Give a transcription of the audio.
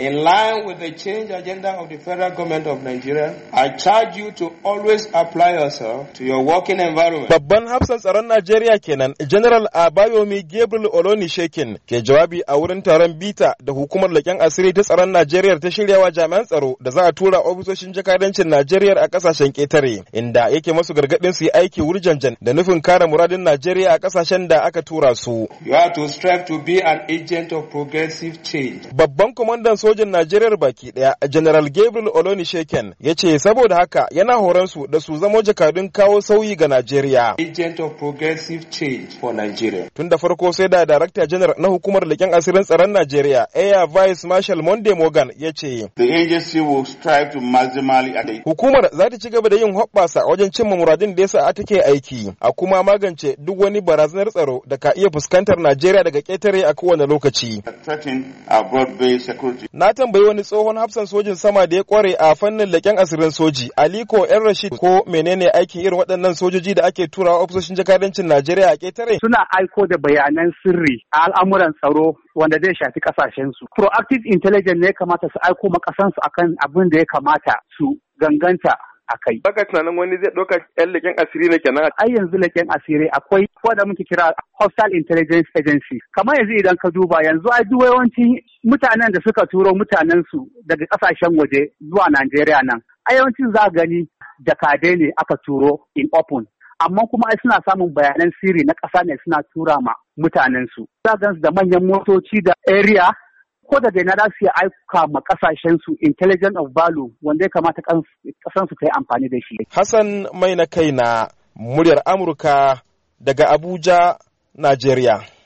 In line with the change agenda of the federal government of Nigeria, I charge you to always apply yourself to your working environment. Babban hafsan tsaron Najeriya kenan, General Abayomi Gabriel Oloni Shekin ke jawabi a wurin taron bita da hukumar leƙen asiri ta tsaron Najeriya ta shirya wa jami'an tsaro da za a tura ofisoshin jakadancin Najeriya a kasashen ƙetare, inda yake masu gargaɗin su yi aiki wurjanjan da nufin kare muradin Najeriya a kasashen da aka tura su. You have to strive to be an agent of progressive change. Babban kwamandan so sojin Najeriya baki daya General Gabriel sheken ya ce saboda haka yana horon su da su zamo jakadun kawo sauyi ga Najeriya. Agent of Progressive Change for Nigeria. Tun da farko sai da Director General na hukumar leken asirin tsaron Najeriya Air Vice Marshal Monday Morgan ya ce. The agency will strive to maximally Hukumar za ta ci gaba da yin hoɓɓasa wajen cimma muradin da ya yasa take aiki a kuma magance duk wani barazanar tsaro da ka iya fuskantar Najeriya daga ƙetare a kowane lokaci. Na tambayi wani tsohon hafsan sojin sama da ya kware a fannin leƙen asirin soji, Aliko ‘yan Rashid ko menene aikin irin waɗannan sojoji da ake turawa ofisoshin jakadancin Najeriya a ƙetare? Suna aiko da bayanan sirri a al'amuran tsaro wanda zai shafi ƙasashensu. Proactive intelligence ne ya kamata su aiko ma ƙasansu akan abin da ya kamata su ganganta a kai. Baka tunanin wani zai ɗauka ƴan leƙen asiri ne kenan. Ai yanzu leƙen asiri akwai ko da muke kira "hostile Intelligence Agency. Kamar yanzu idan ka duba yanzu a duk yawancin mutanen da suka turo mutanen su daga ƙasashen waje zuwa Najeriya nan. A yawancin za gani jakadai ne aka turo in open. amma kuma ai suna samun bayanan sirri na ƙasa ne suna tura ma mutanensu. Za gansu da manyan motoci da area ko dai na za su aika ma kasashen su intelligent of value wanda ya kamata kasan su ta yi amfani da shi. Hassan mai na kai na muryar Amurka daga Abuja, Najeriya.